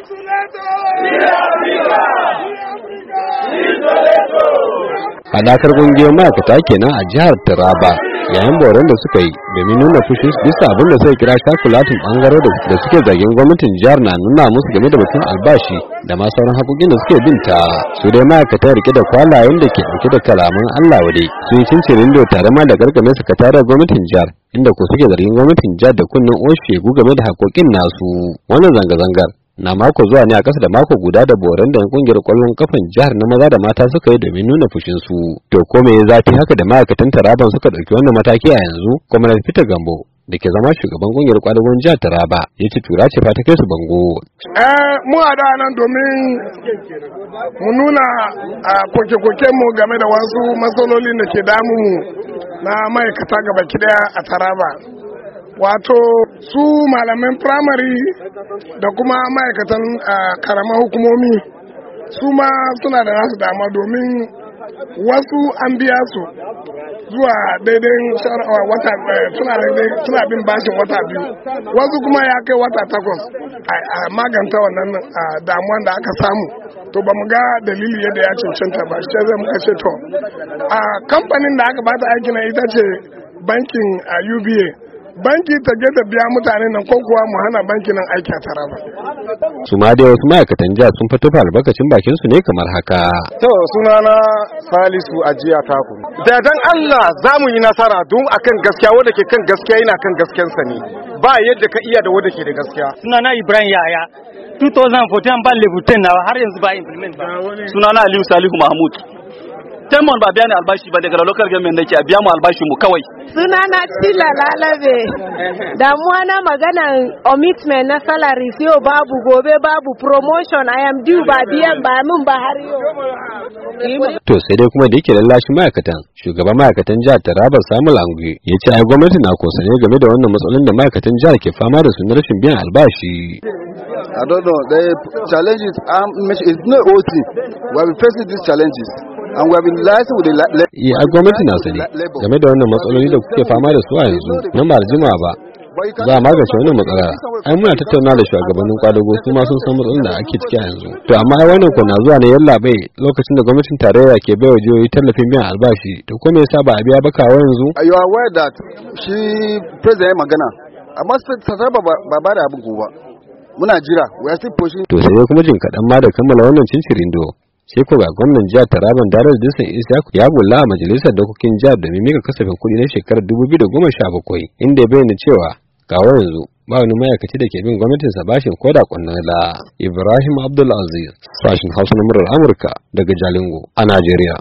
Hadakar ƙungiyar ma'aikata kenan a jihar Taraba yayin boron da suka yi domin nuna fushi bisa abin da suka kira shakulatin bangare da suke zargin gwamnatin jihar na nuna musu game da batun albashi da ma sauran haƙoƙin da suke bin ta, su dai ma'aikatan rike da kwalayen da ke ɗauke da kalaman Allah wade sun yi cincirin tare ma da gargamin sakataren gwamnatin jihar inda ko suke zargin gwamnatin jihar da kunnen oshe game da haƙoƙin nasu wannan zanga-zangar na mako zuwa ne a ƙasa da mako guda da boran da kungiyar ƙwallon kafan jihar na maza da mata suka yi domin nuna fushin su to ko me zafi haka da ma'aikatan taraban suka ɗauki wannan mataki a yanzu kuma na ta gambo da ke zama shugaban kungiyar kwadagon jihar Taraba ya ce tura ce fa kai su bango. Eh mu a nan domin mu nuna a koke-koke mu game da wasu matsalolin da ke damu na ma'aikata gaba kidaya a Taraba. wato su malamin firamare da kuma ma'aikatan karamar hukumomi su ma suna da nasu dama domin wasu an biya su zuwa daidai wata suna bin bashin wata biyu wasu kuma ya kai wata takwas a maganta wannan damuwan da aka samu to ba mu ga dalili yadda ya cancanta ba shi zai muka ce to a kamfanin da aka bata aiki na ita ce bankin a uba banki ta ge ta biya mutane nan ko kuwa mu hana banki nan aiki a taraba. su ma dai wasu ma'aikatan jiya sun fito albakacin bakin su ne kamar haka. to sunana salisu a jiya taku. da dan allah za mu yi nasara don akan gaskiya wanda ke kan gaskiya yana kan gaskiyansa ne ba yadda ka iya da wanda ke da gaskiya. sunana ibrahim yaya 2014 ban lebutin na har yanzu ba implement ba sunana aliyu salihu mahmud. temon ba biya ni albashi ba daga local government nake a biya mu albashi mu kawai suna na cila lalabe damuwa na magana omitment na salaries yau babu gobe babu promotion i am due ba biyan ba min ba har yau to sai dai kuma da yake lallashi ma'aikatan shugaban ma'aikatan jihar Taraba Samuel Angwe ya ce ai gwamnati na kosane game da wannan matsalolin da ma'aikatan jihar ke fama da su na rashin biyan albashi I don't know. The challenges, um, it's not OT. We are facing these challenges. a gwamnati na sani game da wannan matsaloli da kuke fama da su a yanzu nan ba da jimawa ba za a magance wannan matsala ai muna tattauna da shugabannin kwadago su ma sun san matsalolin da ake ciki a yanzu to amma ai wannan ko na zuwa ne yalla bai lokacin da gwamnatin tarayya ke baiwa jihohi tallafin biyan albashi to ko me yasa ba a biya ba kawo yanzu ayo are aware that shi president magana amma sai ba ba da abin ko muna jira we are still pushing to sai kuma jin kadan ma da kammala wannan cincirindo sai ko ga gwamnan jihar Taraban Darar Dusan isa ya bulla a majalisar dokokin jihar domin mika kasafin kuɗi na shekarar 2017 inda ya bayyana cewa ga yanzu ba wani ma'aikaci da ke bin gwamnatin sa bashin koda la Ibrahim Abdul Aziz sashin Hausa na murar Amurka daga Jalingo a Najeriya